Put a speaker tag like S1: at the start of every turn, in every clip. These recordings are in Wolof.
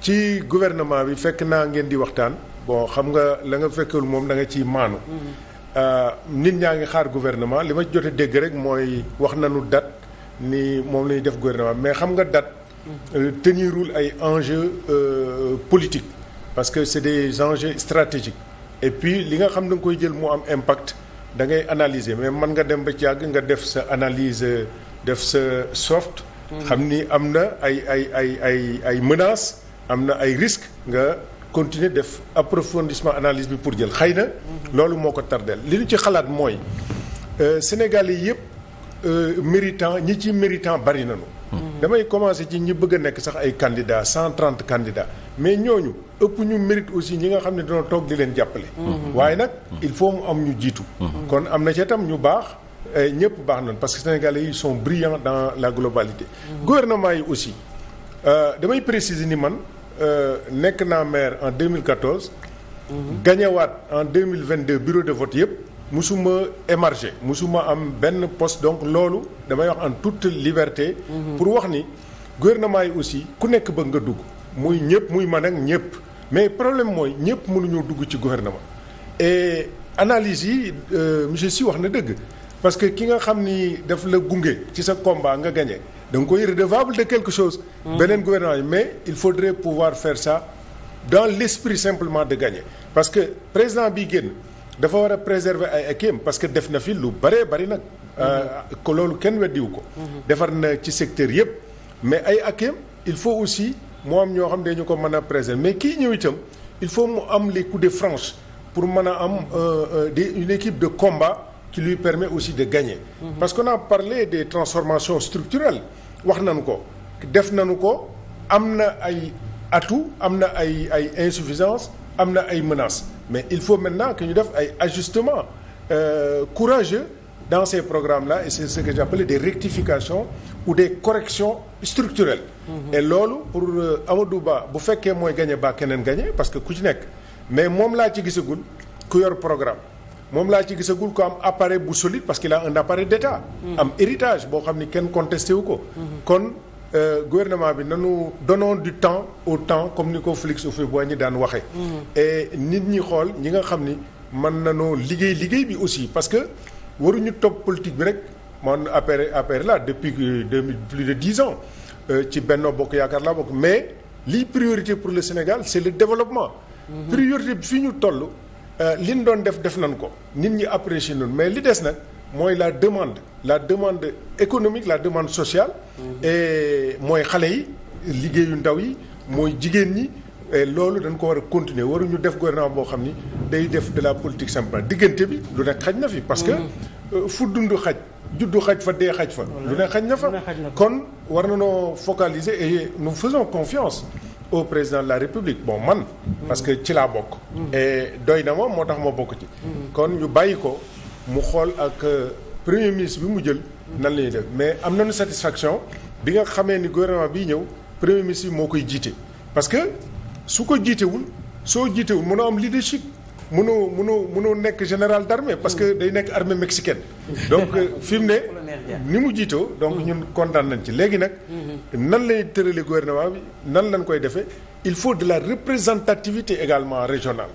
S1: ci gouvernement bi fekk naa ngeen di waxtaan bon xam nga la nga fekkul moom da nga ciy maanu. Euh, nit ñaa ngi xaar gouvernement li ma jot a dégg rek mooy wax nañu date ni moom la def gouvernement mais xam nga date. Mm-hmm. Euh, tenirul ay enjeux euh, politique parce que c'est des enjeux stratégiques et puis li nga xam da nga koy jël mu am impact da ngay analyser mais man nga dem ba ci yàgg nga def sa analyse def sa soft. Mm-hmm. xam ni am na ay ay ay ay ay menaces. am na ay risques nga continuer def approfondissement analyse bi pour jël xay na. loolu moo ko tardeel li ñu ci xalaat mooy euh, sénégal yi yëpp euh, méritant ñi ci méritant bari nañu. Hmm. damay commencer ci ñi bëgg a nekk sax ay candidats cent trente candidats mais ñooñu ëpp ñu mérite aussi ñi nga xam ne dañoo toog di leen jàppale. Hmm. Hmm. waaye nag il faut mu am ñu jiitu. kon am na ci itam ñu baax. ñëpp baax nañ parce que sénégalais yi sont brillants dans la globalité. gouvernement yi aussi euh, damay préciser ni man. Euh, nekk naa maire en 2014. gañewaat en 2022 bureau de vote yëpp musuma émarger musuma am benn post donc loolu damay wax en toute liberté. Mhm. pour wax ni gouvernement yi aussi ku nekk bëgg nga dugg. muy ñëpp muy man ak ñëpp mais problème mooy ñëpp mënuñoo dugg ci gouvernement. et analyse yi euh, monsieur Sy wax na dëgg parce que ki nga xam ni daf la gunge ci sa combat nga gagné. da nga koy redevable de quelque chose. Mmh. beneen gouvernement yi mais il faudrait pouvoir faire ça dans l'esprit simplement de gagner parce que président bi génn dafa war a préserver ay akiem parce que def na fi lu bëree bëri nag. ko mmh. euh, loolu kenn weddiwu ko. Mmh. defar na ci secteur yëpp mais ay akiem il faut aussi mu am ñoo xam ne ñu ko mën a préserver mais kii ñëw itam il faut mu am les coups de franche pour mën a am euh, euh, des une équipe de combat. ci lui permet aussi de gagner. Mhm. parce qu'on a parlé des transformations structurelles wax nañu ko def nañu ko am na ay atout am na ay ay insuffisance am na ay menaces mais il faut maintenant que ñu def ay ajustements euh, courageux dans ces programmes la et c'est ce que j'appelle des rectifications ou des corrections structurelles mm -hmm. et loolu pour euh, Amadou bu fekkee mooy gagné ba keneen gagné parce que ku ci nekk mais moom laa ci gisagul ku programme moom laa ci gisagul ko am appareil bu solide parce qu'il a un appareil d'État hmm. am héritage boo xam ni kenn contesté wu ko hmm. kon euh, gouvernement bi nanu donnons du temps au temps comme ni ko Félix boo boigny daan waxee hmm. et nit ñi xool ñi nga xam ni mën nanoo liggéey liggéey bi aussi parce que waruñu topp politique bi rek man appareil appareil la depuis euh, plus de dix ans euh, ci Benno Bokk Yaakaar laa bokk mais lii priorité pour le Sénégal c'est le développement priorité bi fi ñu toll Euh, li ñu doon def def nañ ko nit ñi apprécier nañ mais li des nag mooy la demande la demande économique la demande sociale. Mhm. et mooy xale yi liggéeyu ndaw yi mooy jigéen ñi. loolu dañ ko war a continuer waruñu def gouvernement boo xam ni day def de la politique simple diggante bi lu nekk xaj na fi. parce que mhm. euh, fu dundu xaj juddu xaj fa dee xaj fa. lu nekk xaj na fa kon war na noo focaliser et nous faisons confiance. au président de la république bon man. parce que ci laa bokk. et doy na ma moo tax ma bokk ci. kon ñu bàyyi ko mu xool ak euh, premier ministre bi mu jël. nan la ñuy def mais am nañu satisfaction bi nga xamee ni gouvernement bii ñëw premier ministre moo koy jiite. parce que su ko jiitewul soo jiitewul mënoo am leadership mënoo mënoo mënoo nekk général d'armée parce que day nekk armée mexicaine donc euh, fi ne. ni mu jiitoo donc mm-hmm. ñun kontaan nañ ci léegi nag. Mm-hmm. nan lay tërale gouvernement bi nan lañ koy defee il faut de la représentativité également régionale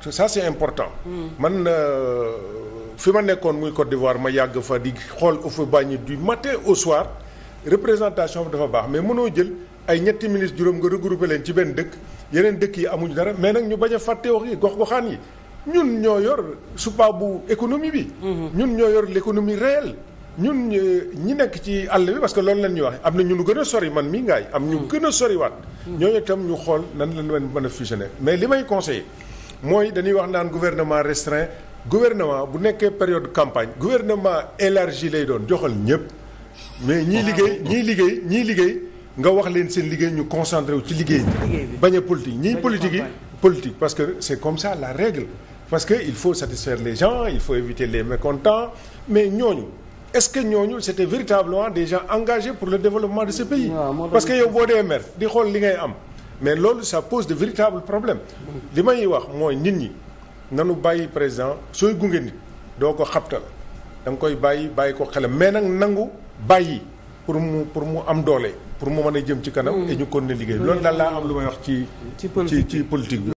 S1: ça c'est important. Mm. man euh, fi ma nekkoon muy Côte ma yàgg fa di xool Houphouët-Boigny du matin au soir représentation bi dafa baax mais mënoo jël ay ñetti ministre juróom nga regrouper leen ci benn dëkk yeneen dëkk yi amuñu dara mais nag ñu bañ a fàtte wax yi gox-goxaan yi. ñun ñoo yor supa bu économie bi. Mm-hmm. ñun ñoo yor l'économie réelle. ñun ñu nekk ci àll bi parce que loolu la ñuy wax am na ñu gën a sori man mii ngay am ñu hmm. gën a soriwaat. Hmm. ñooñu itam ñu xool nan la leen mën a fusionner mais li may conseiller mooy dañuy wax naan gouvernement restreint gouvernement bu nekkee période campagne gouvernement élargi lay doon joxal ñëpp. mais ñii liggéey ah. ñii liggéey ñii liggéey nga wax leen seen liggéey ñu concentré wu ci liggéey bi bañ a politique ñii politique yi politique parce que c'est comme ça la règle parce que il faut satisfaire les gens il faut éviter les mécontents mais ñooñu. est-ce que ñooñu c'était véritablement des gens engagés pour le développement de ce pays parce que yow boo dee maire di xool li ngay am mais loolu ça pose de véritables problèmes li may wax mooy nit ñi nanu bàyyi président sooy gunge nit doo ko xabtal da nga koy bàyyi bàyyi ko xelam mais nag nangu bàyyi pour mu pour mu am doole pour mu mën a jëm ci kanam. Mm. et ñu continuer liggéey loolu daal laa am lu may wax ci. ci politique ci politique bi.